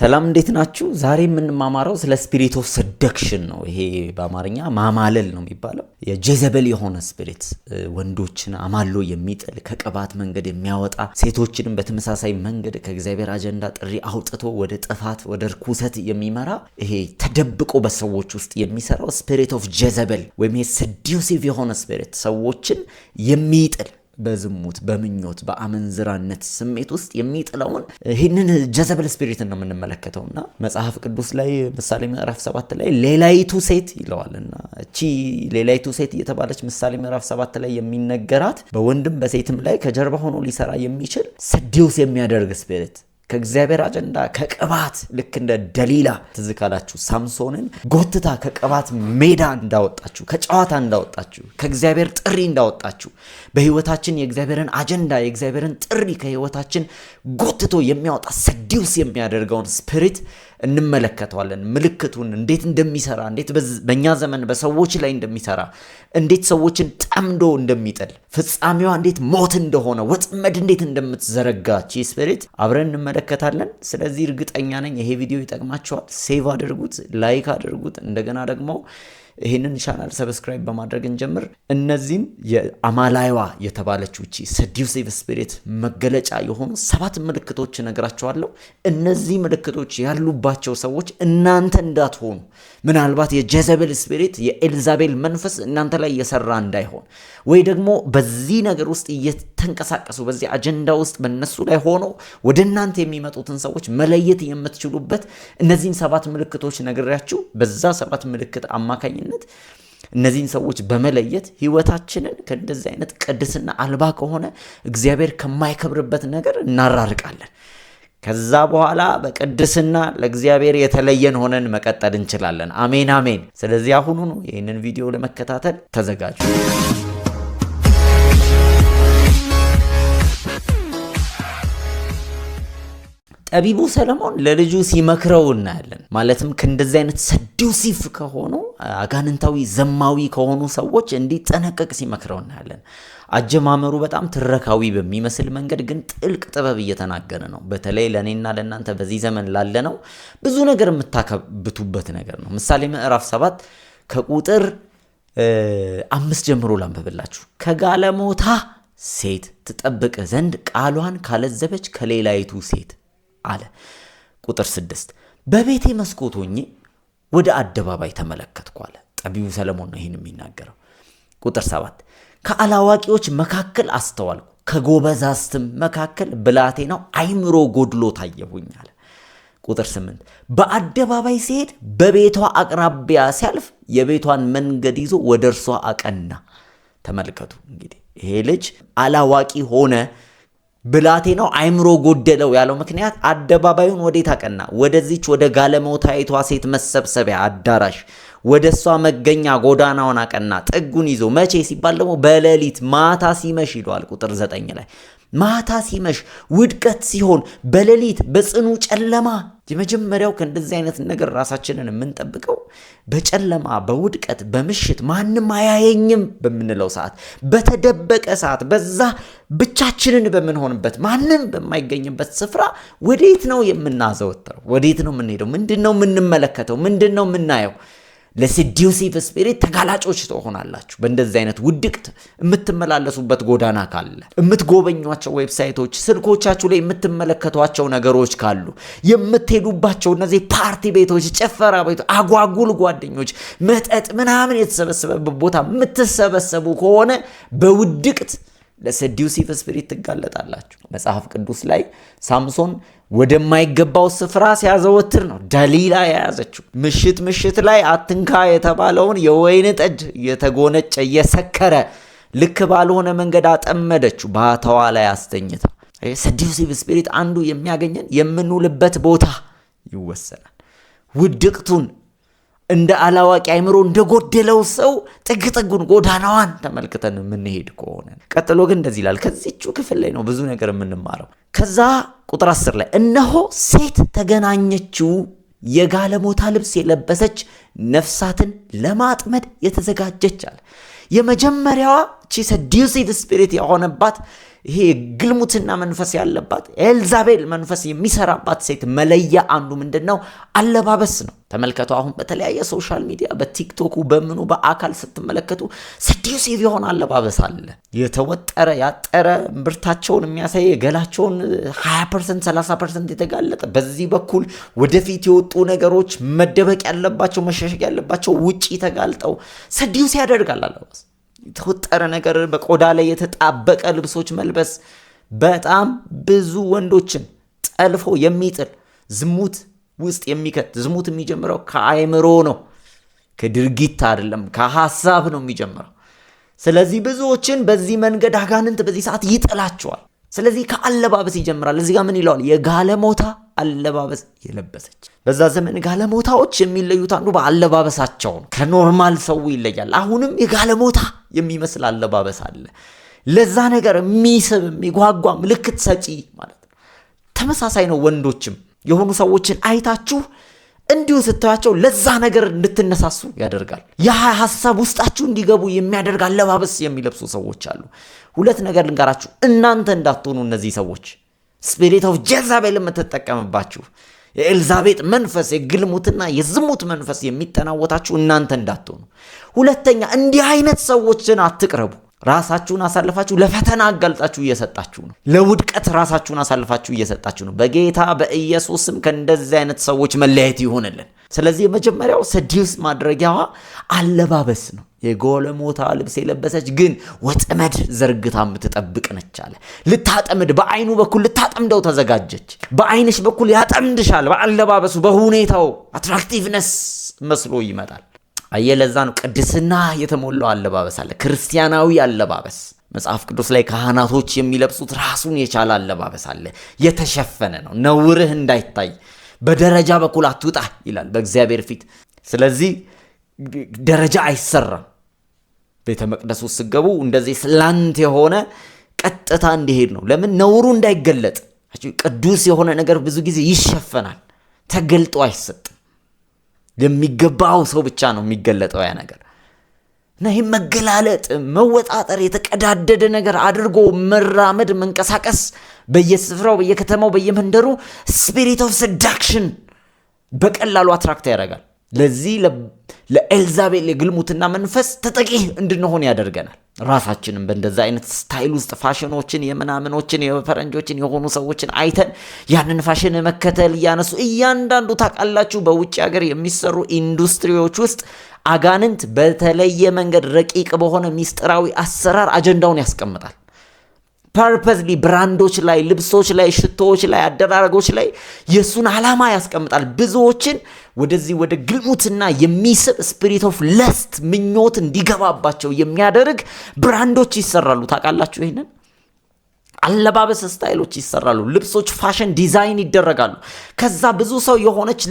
ሰላም እንዴት ናችሁ? ዛሬ የምንማማረው ስለ ስፒሪት ኦፍ ሰደክሽን ነው። ይሄ በአማርኛ ማማለል ነው የሚባለው። የጀዘበል የሆነ ስፒሪት ወንዶችን አማሎ የሚጥል ከቅባት መንገድ የሚያወጣ ሴቶችንም በተመሳሳይ መንገድ ከእግዚአብሔር አጀንዳ ጥሪ አውጥቶ ወደ ጥፋት ወደ ርኩሰት የሚመራ ይሄ ተደብቆ በሰዎች ውስጥ የሚሰራው ስፒሪት ኦፍ ጀዘበል ወይም ሰዲሲቭ የሆነ ስፒሪት ሰዎችን የሚጥል በዝሙት በምኞት በአመንዝራነት ስሜት ውስጥ የሚጥለውን ይህንን ጀዘብል ስፒሪት ነው የምንመለከተው እና መጽሐፍ ቅዱስ ላይ ምሳሌ ምዕራፍ ሰባት ላይ ሌላይቱ ሴት እና እቺ ሌላይቱ ሴት እየተባለች ምሳሌ ምዕራፍ ሰባት ላይ የሚነገራት በወንድም በሴትም ላይ ከጀርባ ሆኖ ሊሰራ የሚችል ሰዲውስ የሚያደርግ ስፒሪት ከእግዚአብሔር አጀንዳ ከቅባት ልክ እንደ ደሊላ ትዝ ካላችሁ ሳምሶንን ጎትታ ከቅባት ሜዳ እንዳወጣችሁ፣ ከጨዋታ እንዳወጣችሁ፣ ከእግዚአብሔር ጥሪ እንዳወጣችሁ በህይወታችን የእግዚአብሔርን አጀንዳ የእግዚአብሔርን ጥሪ ከህይወታችን ጎትቶ የሚያወጣ ሰዲውስ የሚያደርገውን ስፒሪት እንመለከተዋለን። ምልክቱን እንዴት እንደሚሰራ እንዴት በእኛ ዘመን በሰዎች ላይ እንደሚሰራ እንዴት ሰዎችን ጠምዶ እንደሚጥል ፍጻሜዋ እንዴት ሞት እንደሆነ ወጥመድ እንዴት እንደምትዘረጋች ስፒሪት አብረን እንመለከታለን። ስለዚህ እርግጠኛ ነኝ ይሄ ቪዲዮ ይጠቅማችኋል። ሴቭ አድርጉት፣ ላይክ አድርጉት። እንደገና ደግሞ ይህንን ቻናል ሰብስክራይብ በማድረግ እንጀምር። እነዚህን የአማላይዋ የተባለች ውቺ ሰዲውሴቭ ስፒሪት መገለጫ የሆኑ ሰባት ምልክቶች እነግራቸዋለሁ። እነዚህ ምልክቶች ያሉባቸው ሰዎች እናንተ እንዳትሆኑ፣ ምናልባት የጀዘቤል ስፒሪት የኤልዛቤል መንፈስ እናንተ ላይ የሰራ እንዳይሆን ወይ ደግሞ በዚህ ነገር ውስጥ እየተንቀሳቀሱ በዚህ አጀንዳ ውስጥ በነሱ ላይ ሆኖ ወደ እናንተ የሚመጡትን ሰዎች መለየት የምትችሉበት እነዚህን ሰባት ምልክቶች ነግሬያችሁ በዛ ሰባት ምልክት አማካኝነት በዋነኝነት እነዚህን ሰዎች በመለየት ህይወታችንን ከእንደዚህ አይነት ቅድስና አልባ ከሆነ እግዚአብሔር ከማይከብርበት ነገር እናራርቃለን። ከዛ በኋላ በቅድስና ለእግዚአብሔር የተለየን ሆነን መቀጠል እንችላለን። አሜን አሜን። ስለዚህ አሁኑኑ ይህንን ቪዲዮ ለመከታተል ተዘጋጁ። ጠቢቡ ሰለሞን ለልጁ ሲመክረው እናያለን። ማለትም ከእንደዚህ አይነት ሰዱሲቭ ከሆኑ አጋንንታዊ ዘማዊ ከሆኑ ሰዎች እንዲጠነቀቅ ሲመክረው እናያለን። አጀማመሩ በጣም ትረካዊ በሚመስል መንገድ ግን ጥልቅ ጥበብ እየተናገረ ነው። በተለይ ለእኔና ለእናንተ በዚህ ዘመን ላለ ነው ብዙ ነገር የምታከብቱበት ነገር ነው። ምሳሌ ምዕራፍ ሰባት ከቁጥር አምስት ጀምሮ ላንብብላችሁ ከጋለሞታ ሴት ትጠብቅህ ዘንድ ቃሏን ካለዘበች ከሌላይቱ ሴት አለ። ቁጥር ስድስት በቤቴ መስኮት ሆኜ ወደ አደባባይ ተመለከትኩ አለ። ጠቢቡ ሰለሞን ነው ይህን የሚናገረው። ቁጥር ሰባት ከአላዋቂዎች መካከል አስተዋልኩ፣ ከጎበዛዝትም መካከል ብላቴናው አይምሮ ጎድሎ ታየሁኝ አለ። ቁጥር ስምንት በአደባባይ ሲሄድ በቤቷ አቅራቢያ ሲያልፍ የቤቷን መንገድ ይዞ ወደ እርሷ አቀና። ተመልከቱ እንግዲህ ይሄ ልጅ አላዋቂ ሆነ ብላቴናው አይምሮ ጎደለው ያለው ምክንያት አደባባዩን ወዴት አቀና? ወደዚች ወደ ጋለሞታይቷ ሴት መሰብሰቢያ አዳራሽ፣ ወደ እሷ መገኛ ጎዳናውን አቀና ጥጉን ይዞ። መቼ ሲባል ደግሞ በሌሊት ማታ ሲመሽ ይለዋል ቁጥር ዘጠኝ ላይ ማታ ሲመሽ ውድቀት ሲሆን በሌሊት በጽኑ ጨለማ የመጀመሪያው ከእንደዚህ አይነት ነገር ራሳችንን የምንጠብቀው በጨለማ በውድቀት በምሽት ማንም አያየኝም በምንለው ሰዓት በተደበቀ ሰዓት በዛ ብቻችንን በምንሆንበት ማንም በማይገኝበት ስፍራ ወዴት ነው የምናዘወትረው? ወዴት ነው የምንሄደው? ምንድን ነው የምንመለከተው? ምንድን ነው የምናየው? ለሴዲዩሲቭ ስፒሪት ተጋላጮች ትሆናላችሁ። በእንደዚህ አይነት ውድቅት የምትመላለሱበት ጎዳና ካለ የምትጎበኟቸው ዌብሳይቶች፣ ስልኮቻችሁ ላይ የምትመለከቷቸው ነገሮች ካሉ የምትሄዱባቸው እነዚህ ፓርቲ ቤቶች፣ ጭፈራ ቤቶች፣ አጓጉል ጓደኞች፣ መጠጥ ምናምን የተሰበሰበበት ቦታ የምትሰበሰቡ ከሆነ በውድቅት ለሰዲውሲቭ ስፒሪት ትጋለጣላችሁ። መጽሐፍ ቅዱስ ላይ ሳምሶን ወደማይገባው ስፍራ ሲያዘወትር ነው ደሊላ የያዘችው። ምሽት ምሽት ላይ አትንካ የተባለውን የወይን ጠጅ እየተጎነጨ እየሰከረ ልክ ባልሆነ መንገድ አጠመደችው፣ ባተዋ ላይ አስተኝታ። ሰዲውሲቭ ስፒሪት አንዱ የሚያገኘን የምንውልበት ቦታ ይወሰናል። ውድቅቱን እንደ አላዋቂ አይምሮ እንደጎደለው ሰው ጥግ ጥጉን ጎዳናዋን ተመልክተን የምንሄድ ከሆነ ቀጥሎ ግን እንደዚህ ይላል። ከዚቹ ክፍል ላይ ነው ብዙ ነገር የምንማረው። ከዛ ቁጥር አስር ላይ እነሆ ሴት ተገናኘችው የጋለሞታ ልብስ የለበሰች ነፍሳትን ለማጥመድ የተዘጋጀች አለ። የመጀመሪያዋ ቺ ሰዲዩሲቭ ስፒሪት የሆነባት ይሄ ግልሙትና መንፈስ ያለባት ኤልዛቤል መንፈስ የሚሰራባት ሴት መለያ አንዱ ምንድን ነው? አለባበስ ነው። ተመልከቱ። አሁን በተለያየ ሶሻል ሚዲያ በቲክቶኩ በምኑ በአካል ስትመለከቱ ሰዲዩሲቭ የሆነ አለባበስ አለ። የተወጠረ ያጠረ ምርታቸውን የሚያሳይ የገላቸውን 20 ፐርሰንት 30 ፐርሰንት የተጋለጠ በዚህ በኩል ወደፊት የወጡ ነገሮች መደበቅ ያለባቸው መሸሸግ ያለባቸው ውጪ ተጋልጠው ሰዲዩስ ያደርጋል አለባበስ የተወጠረ ነገር በቆዳ ላይ የተጣበቀ ልብሶች መልበስ በጣም ብዙ ወንዶችን ጠልፎ የሚጥል ዝሙት ውስጥ የሚከት ዝሙት የሚጀምረው ከአይምሮ ነው፣ ከድርጊት አይደለም፣ ከሀሳብ ነው የሚጀምረው። ስለዚህ ብዙዎችን በዚህ መንገድ አጋንንት በዚህ ሰዓት ይጥላቸዋል። ስለዚህ ከአለባበስ ይጀምራል። እዚህ ጋር ምን ይለዋል? የጋለሞታ አለባበስ የለበሰች። በዛ ዘመን ጋለሞታዎች የሚለዩት አንዱ በአለባበሳቸው ነው። ከኖርማል ሰው ይለያል። አሁንም የጋለሞታ የሚመስል አለባበስ አለ። ለዛ ነገር የሚስብ የሚጓጓ ምልክት ሰጪ ማለት ነው። ተመሳሳይ ነው። ወንዶችም የሆኑ ሰዎችን አይታችሁ እንዲሁ ስታያቸው ለዛ ነገር እንድትነሳሱ ያደርጋል። ያ ሀሳብ ውስጣችሁ እንዲገቡ የሚያደርግ አለባበስ የሚለብሱ ሰዎች አሉ። ሁለት ነገር ልንገራችሁ፣ እናንተ እንዳትሆኑ እነዚህ ሰዎች ስፒሪት ኦፍ ጀዛቤል የምትጠቀምባችሁ የኤልዛቤጥ መንፈስ የግልሙትና የዝሙት መንፈስ የሚጠናወታችሁ እናንተ እንዳትሆኑ። ሁለተኛ እንዲህ አይነት ሰዎችን አትቅረቡ። ራሳችሁን አሳልፋችሁ ለፈተና አጋልጣችሁ እየሰጣችሁ ነው። ለውድቀት ራሳችሁን አሳልፋችሁ እየሰጣችሁ ነው። በጌታ በኢየሱስም ከእንደዚህ አይነት ሰዎች መለያየት ይሆንልን። ስለዚህ የመጀመሪያው ሰዲስ ማድረጊያዋ አለባበስ ነው። የጎለሞታ ልብስ የለበሰች ግን ወጥመድ ዘርግታ የምትጠብቅ ነች አለ። ልታጠምድ በአይኑ በኩል ልታጠምደው ተዘጋጀች። በአይንሽ በኩል ያጠምድሻል። በአለባበሱ በሁኔታው አትራክቲቭነስ መስሎ ይመጣል። አየለዛ ነው ቅድስና የተሞላው አለባበስ አለ። ክርስቲያናዊ አለባበስ መጽሐፍ ቅዱስ ላይ ካህናቶች የሚለብሱት ራሱን የቻለ አለባበስ አለ። የተሸፈነ ነው። ነውርህ እንዳይታይ በደረጃ በኩል አትውጣ ይላል በእግዚአብሔር ፊት። ስለዚህ ደረጃ አይሰራም። ቤተ መቅደሱ ስገቡ እንደዚህ ስላንት የሆነ ቀጥታ እንዲሄድ ነው። ለምን ነውሩ እንዳይገለጥ። ቅዱስ የሆነ ነገር ብዙ ጊዜ ይሸፈናል፣ ተገልጦ አይሰጥም። ለሚገባው ሰው ብቻ ነው የሚገለጠው ያ ነገር እና ይህ መገላለጥ፣ መወጣጠር፣ የተቀዳደደ ነገር አድርጎ መራመድ፣ መንቀሳቀስ በየስፍራው፣ በየከተማው፣ በየመንደሩ ስፒሪት ኦፍ ሰዳክሽን በቀላሉ አትራክት ያደርጋል። ለዚህ ለኤልዛቤል የግልሙትና መንፈስ ተጠቂ እንድንሆን ያደርገናል። ራሳችንም በእንደዛ አይነት ስታይል ውስጥ ፋሽኖችን የምናምኖችን የፈረንጆችን የሆኑ ሰዎችን አይተን ያንን ፋሽን መከተል እያነሱ እያንዳንዱ ታውቃላችሁ፣ በውጭ ሀገር የሚሰሩ ኢንዱስትሪዎች ውስጥ አጋንንት በተለየ መንገድ ረቂቅ በሆነ ሚስጥራዊ አሰራር አጀንዳውን ያስቀምጣል። ፐርፐዝሊ ብራንዶች ላይ፣ ልብሶች ላይ፣ ሽቶዎች ላይ፣ አደራረጎች ላይ የእሱን ዓላማ ያስቀምጣል። ብዙዎችን ወደዚህ ወደ ግልሙትና የሚስብ ስፒሪት ኦፍ ለስት ምኞት እንዲገባባቸው የሚያደርግ ብራንዶች ይሰራሉ። ታውቃላችሁ ይህንን አለባበስ ስታይሎች ይሰራሉ። ልብሶች ፋሽን ዲዛይን ይደረጋሉ። ከዛ ብዙ ሰው የሆነች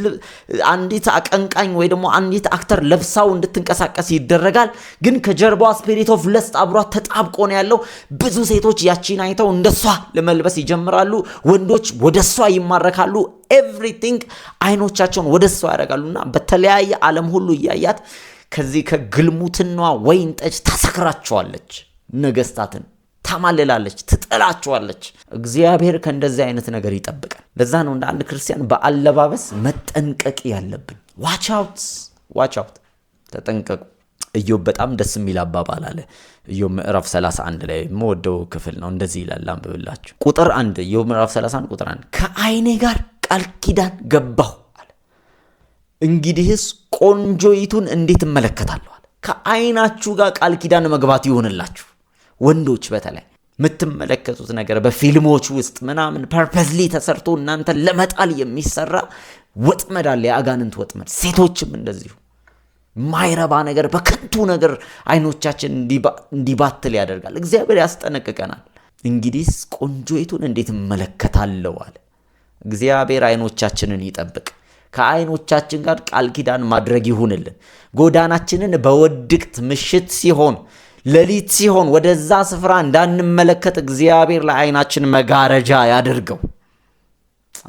አንዲት አቀንቃኝ ወይ ደግሞ አንዲት አክተር ለብሳው እንድትንቀሳቀስ ይደረጋል። ግን ከጀርባዋ ስፒሪት ኦፍ ለስት አብሯት ተጣብቆ ነው ያለው። ብዙ ሴቶች ያቺን አይተው እንደሷ ለመልበስ ይጀምራሉ። ወንዶች ወደ እሷ ይማረካሉ። ኤቭሪቲንግ አይኖቻቸውን ወደ እሷ ያደርጋሉ እና በተለያየ ዓለም ሁሉ እያያት ከዚህ ከግልሙትናዋ ወይን ጠጅ ታሰክራቸዋለች ነገስታትን ታማልላለች፣ ትጠላችኋለች። እግዚአብሔር ከእንደዚህ አይነት ነገር ይጠብቃል። ለዛ ነው እንደ አንድ ክርስቲያን በአለባበስ መጠንቀቅ ያለብን። ዋች አውት ዋች አውት፣ ተጠንቀቁ። ኢዮብ በጣም ደስ የሚል አባባል አለ። ኢዮብ ምዕራፍ 31 ላይ የምወደው ክፍል ነው። እንደዚህ ይላል፣ አንብብላችሁ። ቁጥር አንድ ኢዮብ ምዕራፍ 31 ቁጥር አንድ ከአይኔ ጋር ቃል ኪዳን ገባሁ አለ። እንግዲህስ ቆንጆይቱን እንዴት እመለከታለሁ አለ። ከዓይናችሁ ጋር ቃል ኪዳን መግባት ይሆንላችሁ። ወንዶች በተለይ የምትመለከቱት ነገር በፊልሞች ውስጥ ምናምን ፐርፐዝሊ ተሰርቶ እናንተን ለመጣል የሚሰራ ወጥመድ አለ፣ የአጋንንት ወጥመድ። ሴቶችም እንደዚሁ ማይረባ ነገር በከንቱ ነገር አይኖቻችን እንዲባትል ያደርጋል። እግዚአብሔር ያስጠነቅቀናል። እንግዲህ ቆንጆይቱን እንዴት እመለከታለሁ አለ። እግዚአብሔር አይኖቻችንን ይጠብቅ። ከአይኖቻችን ጋር ቃል ኪዳን ማድረግ ይሁንልን። ጎዳናችንን በወድቅት ምሽት ሲሆን ሌሊት ሲሆን ወደዛ ስፍራ እንዳንመለከት እግዚአብሔር ለዓይናችን መጋረጃ ያድርገው።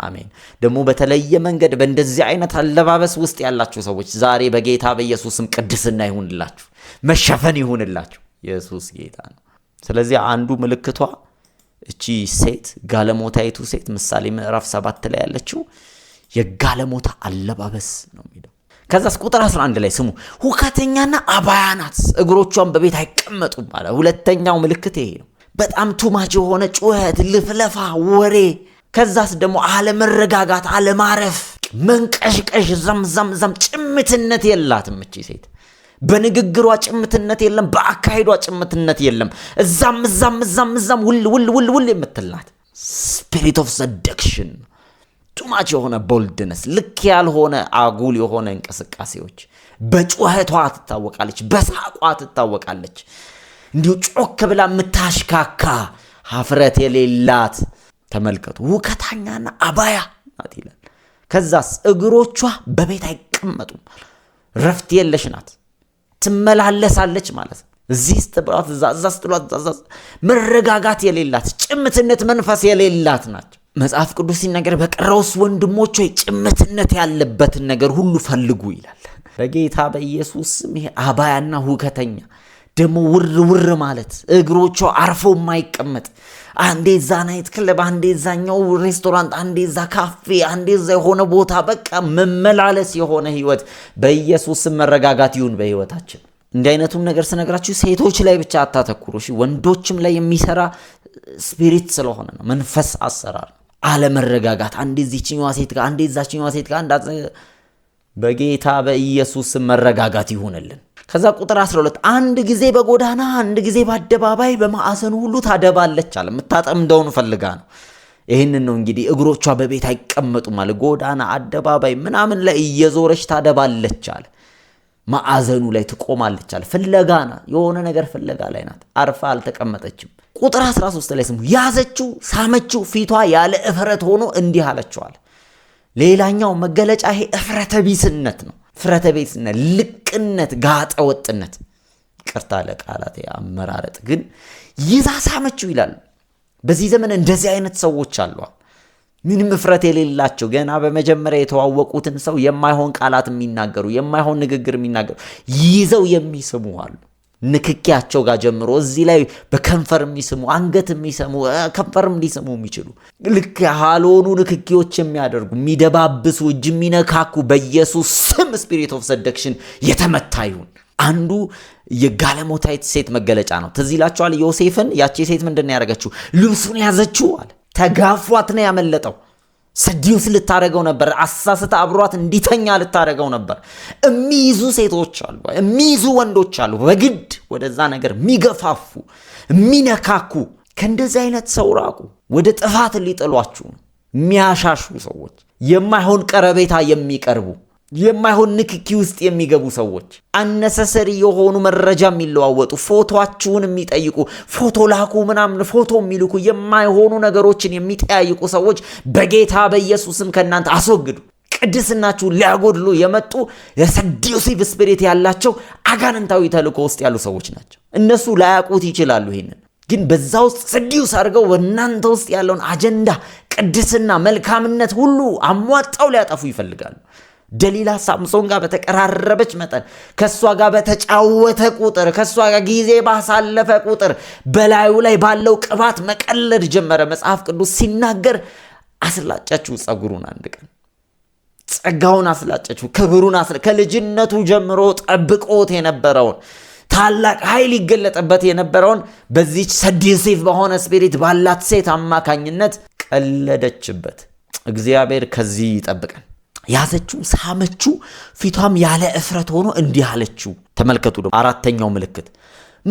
አሜን። ደግሞ በተለየ መንገድ በእንደዚህ አይነት አለባበስ ውስጥ ያላችሁ ሰዎች ዛሬ በጌታ በኢየሱስም ቅድስና ይሁንላችሁ፣ መሸፈን ይሁንላችሁ። ኢየሱስ ጌታ ነው። ስለዚህ አንዱ ምልክቷ እቺ ሴት ጋለሞታይቱ ሴት ምሳሌ ምዕራፍ ሰባት ላይ ያለችው የጋለሞታ አለባበስ ነው። ከዛስ ቁጥር 11 ላይ ስሙ፣ ሁከተኛና አባያ ናት፣ እግሮቿን በቤት አይቀመጡም አለ። ሁለተኛው ምልክት ይሄ ነው። በጣም ቱማች የሆነ ጩኸት፣ ልፍለፋ፣ ወሬ። ከዛስ ደግሞ አለመረጋጋት፣ አለማረፍ፣ መንቀሽቀሽ፣ ዘምዘምዘም፣ ጭምትነት የላትም እቺ ሴት። በንግግሯ ጭምትነት የለም፣ በአካሄዷ ጭምትነት የለም። እዛም እዛም እዛም እዛም ውል ውል ውል ውል የምትላት ስፒሪት ኦፍ ሰደክሽን ቱማች የሆነ ቦልድነስ፣ ልክ ያልሆነ አጉል የሆነ እንቅስቃሴዎች። በጩኸቷ ትታወቃለች፣ በሳቋ ትታወቃለች። እንዲሁ ጮክ ብላ የምታሽካካ ሀፍረት የሌላት ተመልከቱ። ውከታኛና አባያ ናት ይላል። ከዛስ እግሮቿ በቤት አይቀመጡም። ረፍት የለሽ ናት፣ ትመላለሳለች ማለት ነው። እዚህ ስጥሏት፣ እዛ ስጥሏት፣ መረጋጋት የሌላት ጭምትነት መንፈስ የሌላት ናቸው። መጽሐፍ ቅዱስ ሲናገር በቀረውስ ወንድሞች ሆይ ጭምትነት ያለበትን ነገር ሁሉ ፈልጉ ይላል። በጌታ በኢየሱስ ስም ይሄ አባያና ሁከተኛ ደግሞ ውር ውር ማለት እግሮቿ አርፎ የማይቀመጥ አንዴ ዛ ናይት ክለብ፣ አንዴ ዛኛው ሬስቶራንት፣ አንዴ ዛ ካፌ፣ አንዴ ዛ የሆነ ቦታ በቃ መመላለስ የሆነ ህይወት በኢየሱስ ስም መረጋጋት ይሁን በህይወታችን። እንዲህ አይነቱም ነገር ስነግራችሁ ሴቶች ላይ ብቻ አታተኩሩ፣ ወንዶችም ላይ የሚሰራ ስፒሪት ስለሆነ ነው መንፈስ አሰራር አለመረጋጋት፣ አንዴ ዚችኛዋ ሴት ጋር፣ አንዴ ዛችኛዋ ሴት ጋር። በጌታ በኢየሱስ መረጋጋት ይሁንልን። ከዛ ቁጥር 12 አንድ ጊዜ በጎዳና አንድ ጊዜ በአደባባይ በማዕዘኑ ሁሉ ታደባለች አለ። የምታጠምደውን ፈልጋ ነው። ይህንን ነው እንግዲህ እግሮቿ በቤት አይቀመጡም አለ። ጎዳና፣ አደባባይ ምናምን ላይ እየዞረች ታደባለች አለ። ማዕዘኑ ላይ ትቆማለች አለ። ፍለጋ ናት፣ የሆነ ነገር ፍለጋ ላይ ናት። አርፋ አልተቀመጠችም። ቁጥር 13 ላይ ስሙ። ያዘችው፣ ሳመችው፣ ፊቷ ያለ እፍረት ሆኖ እንዲህ አለችዋል። ሌላኛው መገለጫ ይሄ እፍረተ ቢስነት ነው። እፍረተ ቢስነት፣ ልቅነት፣ ጋጠ ወጥነት። ይቅርታ ለቃላት አመራረጥ፣ ግን ይዛ ሳመችው ይላል። በዚህ ዘመን እንደዚህ አይነት ሰዎች አሏ። ምንም እፍረት የሌላቸው ገና በመጀመሪያ የተዋወቁትን ሰው የማይሆን ቃላት የሚናገሩ የማይሆን ንግግር የሚናገሩ ይዘው የሚስሙ አሉ። ንክኪያቸው ጋር ጀምሮ እዚህ ላይ በከንፈር የሚስሙ አንገት የሚሰሙ ከንፈርም ሊስሙ የሚችሉ ልክ ያልሆኑ ንክኪዎች የሚያደርጉ የሚደባብሱ፣ እጅ የሚነካኩ በኢየሱስ ስም ስፒሪት ኦፍ ሰደክሽን የተመታ ይሁን። አንዱ የጋለሞታይት ሴት መገለጫ ነው። ትዝ ዮሴፍን። ያቺ ሴት ምንድን ያደረገችው? ልብሱን ያዘችው አለ ተጋፏት ነው ያመለጠው። ሰዲዩስ ልታደረገው ነበር። አሳስተ አብሯት እንዲተኛ ልታደረገው ነበር። የሚይዙ ሴቶች አሉ፣ የሚይዙ ወንዶች አሉ፣ በግድ ወደዛ ነገር የሚገፋፉ የሚነካኩ። ከእንደዚህ አይነት ሰው ራቁ። ወደ ጥፋት ሊጥሏችሁ ነው የሚያሻሹ ሰዎች፣ የማይሆን ቀረቤታ የሚቀርቡ የማይሆን ንክኪ ውስጥ የሚገቡ ሰዎች፣ አነሰሰሪ የሆኑ መረጃ የሚለዋወጡ፣ ፎቶችሁን የሚጠይቁ ፎቶ ላኩ ምናምን ፎቶ የሚልኩ የማይሆኑ ነገሮችን የሚጠያይቁ ሰዎች በጌታ በኢየሱስም ከእናንተ አስወግዱ። ቅድስናችሁ ሊያጎድሉ የመጡ የሰዲዩሲቭ ስፒሪት ያላቸው አጋንንታዊ ተልእኮ ውስጥ ያሉ ሰዎች ናቸው። እነሱ ላያውቁት ይችላሉ። ይህንን ግን በዛ ውስጥ ሰዲዩስ አድርገው በእናንተ ውስጥ ያለውን አጀንዳ፣ ቅድስና፣ መልካምነት ሁሉ አሟጣው ሊያጠፉ ይፈልጋሉ። ደሊላ ሳምሶን ጋር በተቀራረበች መጠን ከእሷ ጋር በተጫወተ ቁጥር ከእሷ ጋር ጊዜ ባሳለፈ ቁጥር በላዩ ላይ ባለው ቅባት መቀለድ ጀመረ። መጽሐፍ ቅዱስ ሲናገር አስላጨችው ጸጉሩን አንድ ቀን ጸጋውን አስላጨችው፣ ክብሩን አስ ከልጅነቱ ጀምሮ ጠብቆት የነበረውን ታላቅ ኃይል ይገለጠበት የነበረውን በዚች ሰዲሲቭ በሆነ ስፒሪት ባላት ሴት አማካኝነት ቀለደችበት። እግዚአብሔር ከዚህ ይጠብቀን። ያዘችው፣ ሳመችው፣ ፊቷም ያለ እፍረት ሆኖ እንዲህ አለችው። ተመልከቱ ደግሞ አራተኛው ምልክት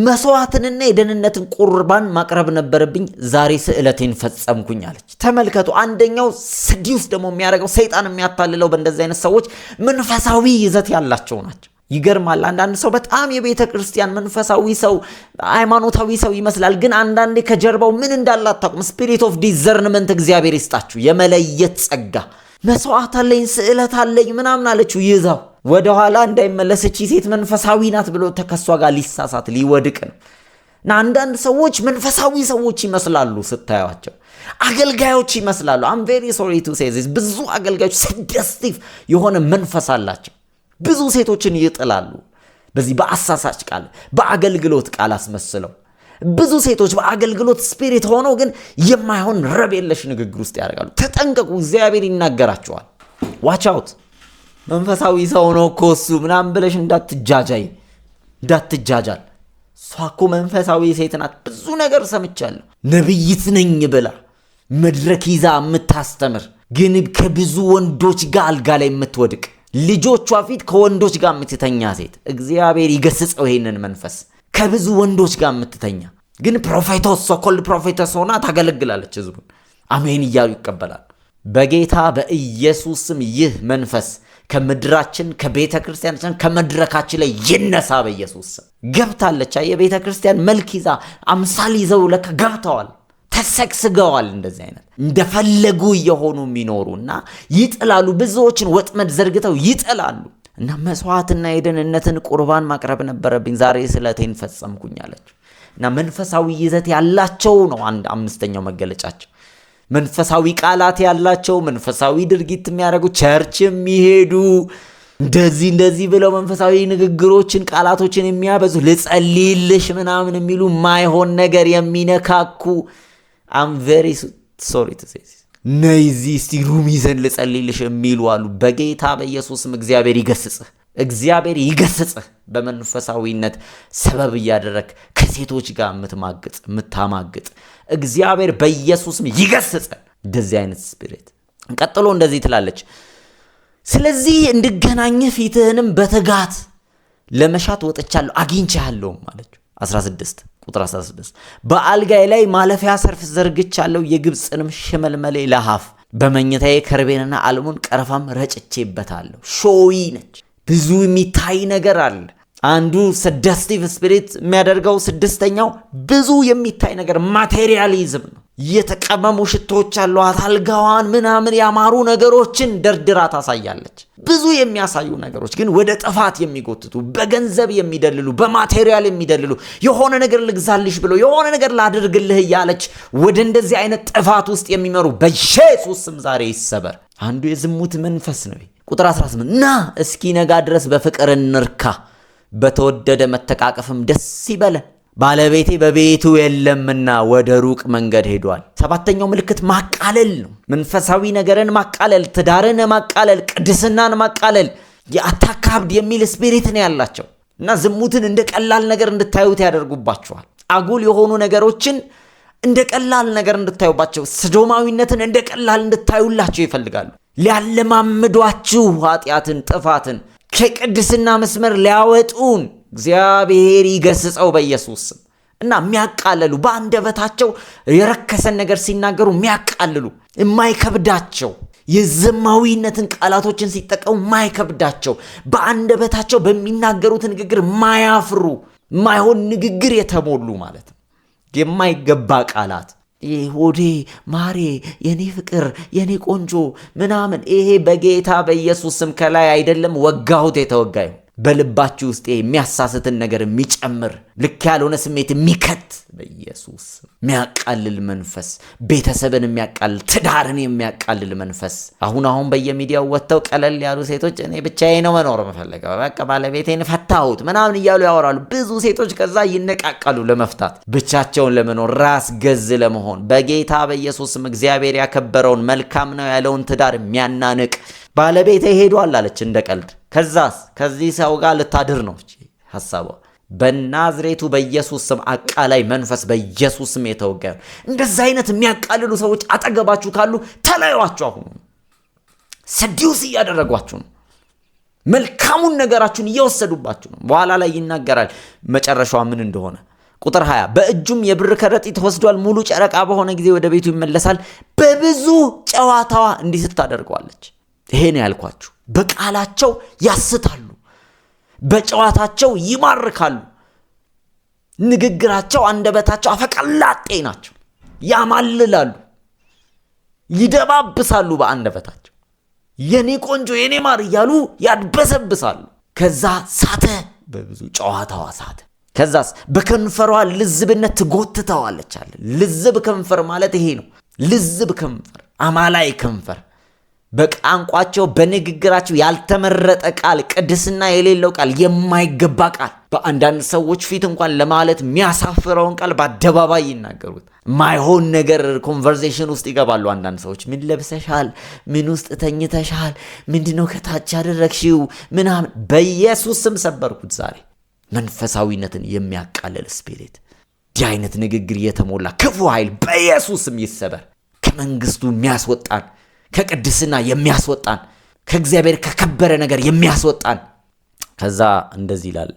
መስዋዕትንና የደህንነትን ቁርባን ማቅረብ ነበረብኝ፣ ዛሬ ስዕለቴን ፈጸምኩኝ አለች። ተመልከቱ አንደኛው ስዲውስ ደግሞ የሚያደርገው ሰይጣን የሚያታልለው በእንደዚህ አይነት ሰዎች መንፈሳዊ ይዘት ያላቸው ናቸው። ይገርማል። አንዳንድ ሰው በጣም የቤተ ክርስቲያን መንፈሳዊ ሰው ሃይማኖታዊ ሰው ይመስላል፣ ግን አንዳንዴ ከጀርባው ምን እንዳላታቁም። ስፒሪት ኦፍ ዲዘርንመንት እግዚአብሔር ይስጣችሁ፣ የመለየት ጸጋ መስዋዕት አለኝ፣ ስዕለት አለኝ ምናምን አለችው ይዛው ወደኋላ እንዳይመለሰች ሴት መንፈሳዊ ናት ብሎ ተከሷ ጋር ሊሳሳት ሊወድቅ ነው። እና አንዳንድ ሰዎች መንፈሳዊ ሰዎች ይመስላሉ ስታያቸው አገልጋዮች ይመስላሉ። አም ቬሪ ሶሪ ቱ ሴዝ ብዙ አገልጋዮች ሰደስቲቭ የሆነ መንፈስ አላቸው። ብዙ ሴቶችን ይጥላሉ በዚህ በአሳሳች ቃል፣ በአገልግሎት ቃል አስመስለው ብዙ ሴቶች በአገልግሎት ስፒሪት ሆነው ግን የማይሆን ረብ የለሽ ንግግር ውስጥ ያደርጋሉ። ተጠንቀቁ፣ እግዚአብሔር ይናገራቸዋል። ዋቻውት መንፈሳዊ ሰው ነው እኮ እሱ ምናምን ብለሽ እንዳትጃጃይ እንዳትጃጃል። እሷ እኮ መንፈሳዊ ሴት ናት፣ ብዙ ነገር ሰምቻለሁ። ነብይት ነኝ ብላ መድረክ ይዛ የምታስተምር ግን ከብዙ ወንዶች ጋር አልጋ ላይ የምትወድቅ ልጆቿ ፊት ከወንዶች ጋር የምትተኛ ሴት እግዚአብሔር ይገስጸው ይሄንን መንፈስ። ከብዙ ወንዶች ጋር የምትተኛ ግን ፕሮፌቶስ ሶኮልድ ፕሮፌቶስ ሆና ታገለግላለች። ህዝቡን አሜን እያሉ ይቀበላል። በጌታ በኢየሱስ ይህ መንፈስ ከምድራችን ከቤተ ክርስቲያናችን ከመድረካችን ላይ ይነሳ በኢየሱስ ስም። ገብታለች። የቤተ ክርስቲያን መልክ ይዛ አምሳል ይዘው ለካ ገብተዋል፣ ተሰግስገዋል። እንደዚህ አይነት እንደፈለጉ እየሆኑ እና ይጥላሉ። ብዙዎችን ወጥመድ ዘርግተው ይጥላሉ። እና መስዋዕትና የደህንነትን ቁርባን ማቅረብ ነበረብኝ። ዛሬ ስዕለቴን ፈጸምኩኝ አለች እና መንፈሳዊ ይዘት ያላቸው ነው። አንድ አምስተኛው መገለጫቸው መንፈሳዊ ቃላት ያላቸው መንፈሳዊ ድርጊት የሚያደርጉ ቸርች የሚሄዱ እንደዚህ እንደዚህ ብለው መንፈሳዊ ንግግሮችን ቃላቶችን የሚያበዙ ልጸልልሽ ምናምን የሚሉ ማይሆን ነገር የሚነካኩ አም ቬሪ ሶሪ ነይ እዚህ እስቲ ሩም ይዘን ልጸልይልሽ የሚሉ አሉ። በጌታ በኢየሱስም እግዚአብሔር ይገስጽህ፣ እግዚአብሔር ይገስጽህ። በመንፈሳዊነት ሰበብ እያደረግ ከሴቶች ጋር የምትማግጥ የምታማግጥ እግዚአብሔር በኢየሱስም ይገስጽ። እንደዚህ አይነት ስፒሪት ቀጥሎ እንደዚህ ትላለች። ስለዚህ እንድገናኝህ ፊትህንም በትጋት ለመሻት ወጥቻለሁ አግኝቻለሁም አለችው። 16 ቁጥር 16 በአልጋይ ላይ ማለፊያ ሰርፍ ዘርግቻለሁ፣ የግብፅንም ሽመልመሌ ለሃፍ በመኝታዬ ከርቤንና አልሙን ቀረፋም ረጭቼበታለሁ። ሾዊ ነች። ብዙ የሚታይ ነገር አለ። አንዱ ሰዳስቲቭ ስፒሪት የሚያደርገው ስድስተኛው ብዙ የሚታይ ነገር ማቴሪያሊዝም ነው። የተቀመሙ ሽቶዎች ያሏት አልጋዋን ምናምን ያማሩ ነገሮችን ደርድራ ታሳያለች። ብዙ የሚያሳዩ ነገሮች ግን ወደ ጥፋት የሚጎትቱ በገንዘብ የሚደልሉ በማቴሪያል የሚደልሉ የሆነ ነገር ልግዛልሽ ብሎ የሆነ ነገር ላድርግልህ እያለች ወደ እንደዚህ አይነት ጥፋት ውስጥ የሚመሩ በኢየሱስ ስም ዛሬ ይሰበር። አንዱ የዝሙት መንፈስ ነው። ቁጥር 18 ና እስኪ ነጋ ድረስ በፍቅር እንርካ፣ በተወደደ መተቃቀፍም ደስ ይበለን። ባለቤቴ በቤቱ የለምና ወደ ሩቅ መንገድ ሄዷል። ሰባተኛው ምልክት ማቃለል ነው። መንፈሳዊ ነገርን ማቃለል፣ ትዳርን ማቃለል፣ ቅድስናን ማቃለል፣ የአታካብድ የሚል ስፒሪት ነው ያላቸው እና ዝሙትን እንደ ቀላል ነገር እንድታዩት ያደርጉባቸዋል። አጉል የሆኑ ነገሮችን እንደ ቀላል ነገር እንድታዩባቸው፣ ስዶማዊነትን እንደ ቀላል እንድታዩላቸው ይፈልጋሉ። ሊያለማምዷችሁ ኃጢአትን፣ ጥፋትን ከቅድስና መስመር ሊያወጡን እግዚአብሔር ይገስጸው በኢየሱስ ስም እና የሚያቃልሉ በአንደበታቸው የረከሰን ነገር ሲናገሩ የሚያቃልሉ የማይከብዳቸው የዘማዊነትን ቃላቶችን ሲጠቀሙ ማይከብዳቸው በአንደበታቸው በሚናገሩት ንግግር ማያፍሩ ማይሆን ንግግር የተሞሉ ማለት ነው። የማይገባ ቃላት ይሄ ሆዴ ማሬ፣ የኔ ፍቅር፣ የኔ ቆንጆ ምናምን፣ ይሄ በጌታ በኢየሱስ ስም ከላይ አይደለም ወጋሁት የተወጋዩ በልባችሁ ውስጥ የሚያሳስትን ነገር የሚጨምር ልክ ያልሆነ ስሜት የሚከት በኢየሱስ የሚያቃልል መንፈስ፣ ቤተሰብን የሚያቃልል ትዳርን የሚያቃልል መንፈስ። አሁን አሁን በየሚዲያው ወጥተው ቀለል ያሉ ሴቶች እኔ ብቻዬ ነው መኖር መፈለገ በቃ ባለቤቴን ፈታሁት ምናምን እያሉ ያወራሉ። ብዙ ሴቶች ከዛ ይነቃቃሉ ለመፍታት ብቻቸውን ለመኖር ራስ ገዝ ለመሆን። በጌታ በኢየሱስም እግዚአብሔር ያከበረውን መልካም ነው ያለውን ትዳር የሚያናንቅ ባለቤቴ ሄዷል አለች እንደ ቀልድ። ከዛስ ከዚህ ሰው ጋር ልታድር ነው ሀሳቧ። በናዝሬቱ በኢየሱስ ስም አቃላይ መንፈስ በኢየሱስ ስም የተወገ። እንደዚ አይነት የሚያቃልሉ ሰዎች አጠገባችሁ ካሉ ተለዩዋችሁ። አሁኑ ሰዲውስ እያደረጓችሁ ነው። መልካሙን ነገራችሁን እየወሰዱባችሁ ነው። በኋላ ላይ ይናገራል መጨረሻዋ ምን እንደሆነ። ቁጥር 20 በእጁም የብር ከረጢት ወስዷል። ሙሉ ጨረቃ በሆነ ጊዜ ወደ ቤቱ ይመለሳል። በብዙ ጨዋታዋ እንዲህ ስታደርገዋለች። ይሄን ያልኳችሁ በቃላቸው ያስታሉ፣ በጨዋታቸው ይማርካሉ። ንግግራቸው፣ አንደበታቸው አፈቀላጤ ናቸው። ያማልላሉ፣ ይደባብሳሉ። በአንደበታቸው የኔ ቆንጆ የኔ ማር እያሉ ያድበሰብሳሉ። ከዛ ሳተ፣ በብዙ ጨዋታዋ ሳተ። ከዛስ በከንፈሯ ልዝብነት ትጎትተዋለች አለ። ልዝብ ከንፈር ማለት ይሄ ነው። ልዝብ ከንፈር፣ አማላይ ከንፈር በቋንቋቸው በንግግራቸው ያልተመረጠ ቃል፣ ቅድስና የሌለው ቃል፣ የማይገባ ቃል በአንዳንድ ሰዎች ፊት እንኳን ለማለት የሚያሳፍረውን ቃል በአደባባይ ይናገሩት። ማይሆን ነገር ኮንቨርሴሽን ውስጥ ይገባሉ። አንዳንድ ሰዎች ምን ለብሰሻል? ምን ውስጥ ተኝተሻል? ምንድነው ከታች ያደረግሽው? ምናምን። በኢየሱስ ስም ሰበርኩት ዛሬ መንፈሳዊነትን የሚያቃልል ስፒሪት፣ እንዲህ አይነት ንግግር የተሞላ ክፉ ኃይል በኢየሱስ ስም ይሰበር። ከመንግስቱ የሚያስወጣን ከቅድስና የሚያስወጣን ከእግዚአብሔር ከከበረ ነገር የሚያስወጣን። ከዛ እንደዚህ ይላል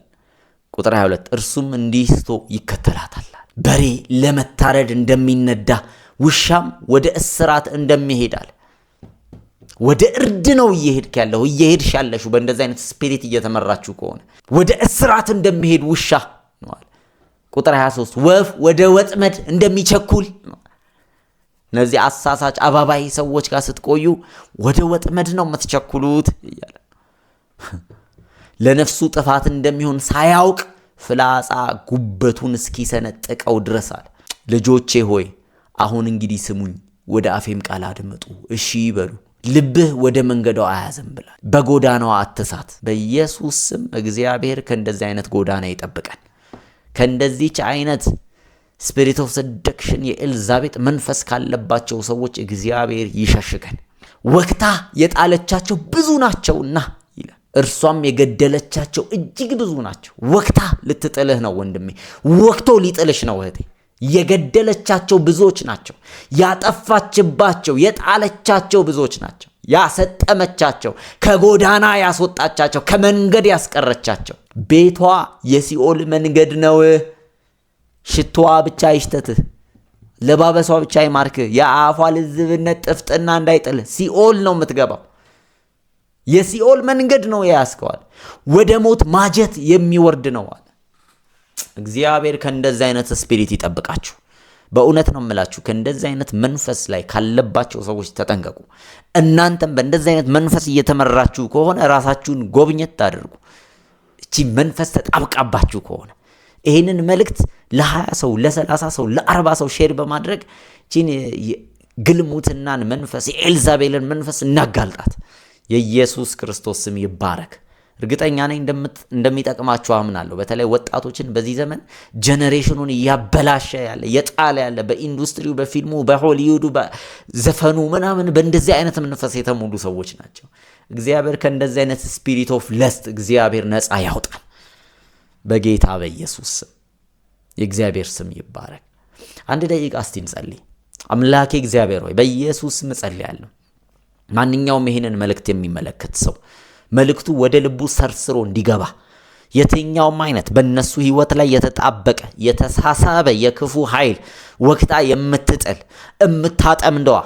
ቁጥር 22 እርሱም እንዲህ ስቶ ይከተላታል። በሬ ለመታረድ እንደሚነዳ ውሻም ወደ እስራት እንደሚሄዳል። ወደ እርድ ነው እየሄድክ ያለሁ እየሄድሽ ያለሹ በእንደዚህ አይነት ስፒሪት እየተመራችሁ ከሆነ ወደ እስራት እንደሚሄድ ውሻ ነዋል። ቁጥር 23 ወፍ ወደ ወጥመድ እንደሚቸኩል ነው እነዚህ አሳሳች አባባይ ሰዎች ጋር ስትቆዩ ወደ ወጥመድ ነው የምትቸኩሉት እያለ ለነፍሱ ጥፋት እንደሚሆን ሳያውቅ ፍላጻ ጉበቱን እስኪሰነጥቀው ድረሳል። ልጆቼ ሆይ አሁን እንግዲህ ስሙኝ፣ ወደ አፌም ቃል አድምጡ፣ እሺ ይበሉ። ልብህ ወደ መንገዳው አያዘም ብላል። በጎዳናዋ አትሳት። በኢየሱስ ስም እግዚአብሔር ከእንደዚህ አይነት ጎዳና ይጠብቀን፣ ከእንደዚች አይነት ስፒሪት ኦፍ ሰደክሽን የኤልዛቤጥ መንፈስ ካለባቸው ሰዎች እግዚአብሔር ይሸሽገን። ወክታ የጣለቻቸው ብዙ ናቸውና ይላል። እርሷም የገደለቻቸው እጅግ ብዙ ናቸው። ወክታ ልትጥልህ ነው ወንድሜ፣ ወክቶ ሊጥልሽ ነው እህቴ። የገደለቻቸው ብዙዎች ናቸው። ያጠፋችባቸው የጣለቻቸው ብዙዎች ናቸው። ያሰጠመቻቸው፣ ከጎዳና ያስወጣቻቸው፣ ከመንገድ ያስቀረቻቸው ቤቷ የሲኦል መንገድ ነው። ሽቶዋ ብቻ ይሽተትህ፣ ለባበሷ ብቻ ይማርክህ። የአፏ ልዝብነት ጥፍጥና እንዳይጥልህ ሲኦል ነው የምትገባው። የሲኦል መንገድ ነው የያዝከዋል። ወደ ሞት ማጀት የሚወርድ ነው አለ። እግዚአብሔር ከእንደዚህ አይነት ስፒሪት ይጠብቃችሁ። በእውነት ነው የምላችሁ፣ ከእንደዚህ አይነት መንፈስ ላይ ካለባቸው ሰዎች ተጠንቀቁ። እናንተም በእንደዚህ አይነት መንፈስ እየተመራችሁ ከሆነ ራሳችሁን ጎብኘት ታደርጉ። እቺ መንፈስ ተጣብቃባችሁ ከሆነ ይህንን መልእክት ለ20 ሰው፣ ለ30 ሰው፣ ለ40 ሰው ሼር በማድረግ ቺን ግልሙትናን መንፈስ የኤልዛቤልን መንፈስ እናጋልጣት። የኢየሱስ ክርስቶስ ስም ይባረክ። እርግጠኛ ነኝ እንደሚጠቅማችሁ አምናለሁ። በተለይ ወጣቶችን በዚህ ዘመን ጀኔሬሽኑን እያበላሸ ያለ የጣለ ያለ በኢንዱስትሪው፣ በፊልሙ፣ በሆሊውዱ፣ በዘፈኑ ምናምን በእንደዚህ አይነት መንፈስ የተሞሉ ሰዎች ናቸው። እግዚአብሔር ከእንደዚህ አይነት ስፒሪት ኦፍ ለስት እግዚአብሔር ነፃ ያውጣል። በጌታ በኢየሱስ ስም የእግዚአብሔር ስም ይባረክ። አንድ ደቂቃ እስቲ እንጸልይ። አምላኬ እግዚአብሔር ሆይ በኢየሱስ ስም እጸልያለሁ። ማንኛውም ይህንን መልእክት የሚመለከት ሰው መልእክቱ ወደ ልቡ ሰርስሮ እንዲገባ የትኛውም አይነት በእነሱ ህይወት ላይ የተጣበቀ የተሳሳበ የክፉ ኃይል ወቅታ የምትጥል እምታጠምደዋ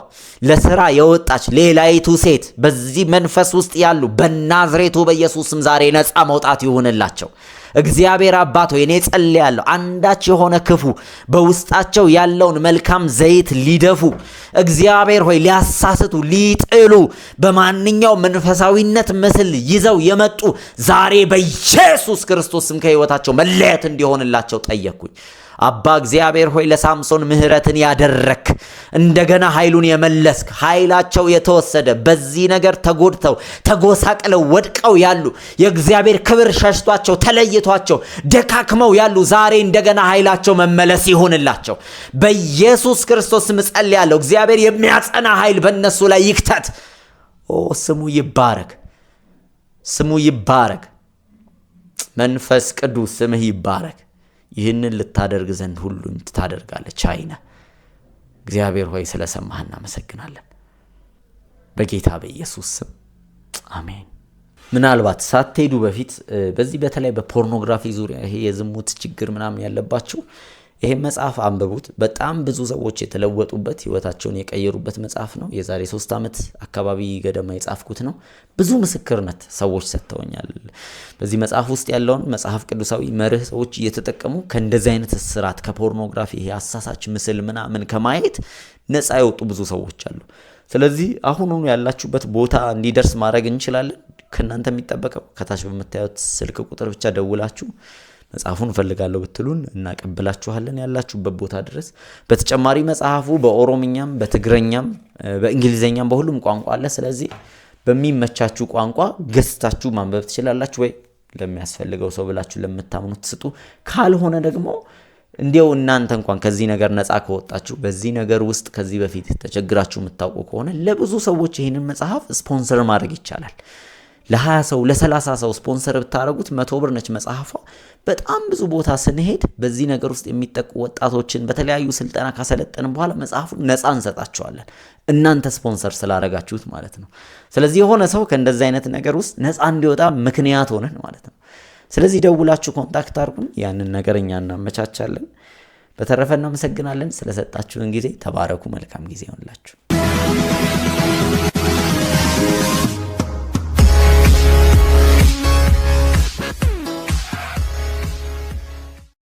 ለስራ የወጣች ሌላይቱ ሴት በዚህ መንፈስ ውስጥ ያሉ በናዝሬቱ በኢየሱስም ዛሬ ነፃ መውጣት ይሁንላቸው። እግዚአብሔር አባት ሆይ እኔ ጸልያለሁ፣ አንዳች የሆነ ክፉ በውስጣቸው ያለውን መልካም ዘይት ሊደፉ እግዚአብሔር ሆይ ሊያሳስቱ፣ ሊጥሉ በማንኛውም መንፈሳዊነት ምስል ይዘው የመጡ ዛሬ በኢየሱስ ክርስቶስ ስም መለየት እንዲሆንላቸው ጠየቅኩኝ። አባ እግዚአብሔር ሆይ ለሳምሶን ምሕረትን ያደረክ እንደገና ኃይሉን የመለስክ ኃይላቸው የተወሰደ በዚህ ነገር ተጎድተው ተጎሳቅለው ወድቀው ያሉ የእግዚአብሔር ክብር ሸሽቷቸው ተለይቷቸው ደካክመው ያሉ ዛሬ እንደገና ኃይላቸው መመለስ ይሁንላቸው። በኢየሱስ ክርስቶስ ምጸል ያለው እግዚአብሔር የሚያጸና ኃይል በእነሱ ላይ ይክተት። ኦ ስሙ ይባረክ፣ ስሙ ይባረክ። መንፈስ ቅዱስ ስምህ ይባረክ። ይህንን ልታደርግ ዘንድ ሁሉን ታደርጋለች። አይነ እግዚአብሔር ሆይ ስለሰማህ እናመሰግናለን። በጌታ በኢየሱስ ስም አሜን። ምናልባት ሳትሄዱ በፊት በዚህ በተለይ በፖርኖግራፊ ዙሪያ ይሄ የዝሙት ችግር ምናምን ያለባችሁ ይሄ መጽሐፍ አንብቡት። በጣም ብዙ ሰዎች የተለወጡበት ህይወታቸውን የቀየሩበት መጽሐፍ ነው። የዛሬ ሶስት ዓመት አካባቢ ገደማ የጻፍኩት ነው። ብዙ ምስክርነት ሰዎች ሰጥተውኛል። በዚህ መጽሐፍ ውስጥ ያለውን መጽሐፍ ቅዱሳዊ መርህ ሰዎች እየተጠቀሙ ከእንደዚህ አይነት እስራት፣ ከፖርኖግራፊ ይሄ አሳሳች ምስል ምናምን ከማየት ነፃ የወጡ ብዙ ሰዎች አሉ። ስለዚህ አሁኑኑ ያላችሁበት ቦታ እንዲደርስ ማድረግ እንችላለን። ከእናንተ የሚጠበቀው ከታች በምታዩት ስልክ ቁጥር ብቻ ደውላችሁ መጽሐፉን እፈልጋለሁ ብትሉን እናቀብላችኋለን ያላችሁበት ቦታ ድረስ። በተጨማሪ መጽሐፉ በኦሮምኛም፣ በትግረኛም፣ በእንግሊዝኛም በሁሉም ቋንቋ አለ። ስለዚህ በሚመቻችሁ ቋንቋ ገዝታችሁ ማንበብ ትችላላችሁ ወይ ለሚያስፈልገው ሰው ብላችሁ ለምታምኑት ስጡ። ካልሆነ ደግሞ እንዲያው እናንተ እንኳን ከዚህ ነገር ነፃ ከወጣችሁ በዚህ ነገር ውስጥ ከዚህ በፊት ተቸግራችሁ የምታውቁ ከሆነ ለብዙ ሰዎች ይህንን መጽሐፍ ስፖንሰር ማድረግ ይቻላል። ለ20 ሰው ለ30 ሰው ስፖንሰር ብታደረጉት መቶ ብር ነች መጽሐፏ። በጣም ብዙ ቦታ ስንሄድ በዚህ ነገር ውስጥ የሚጠቁ ወጣቶችን በተለያዩ ስልጠና ካሰለጠን በኋላ መጽሐፉን ነፃ እንሰጣቸዋለን። እናንተ ስፖንሰር ስላረጋችሁት ማለት ነው። ስለዚህ የሆነ ሰው ከእንደዚህ አይነት ነገር ውስጥ ነፃ እንዲወጣ ምክንያት ሆነን ማለት ነው። ስለዚህ ደውላችሁ ኮንታክት አድርጉን። ያንን ነገር እኛ እናመቻቻለን። በተረፈ እናመሰግናለን ስለሰጣችሁን ጊዜ። ተባረኩ። መልካም ጊዜ ይሆንላችሁ።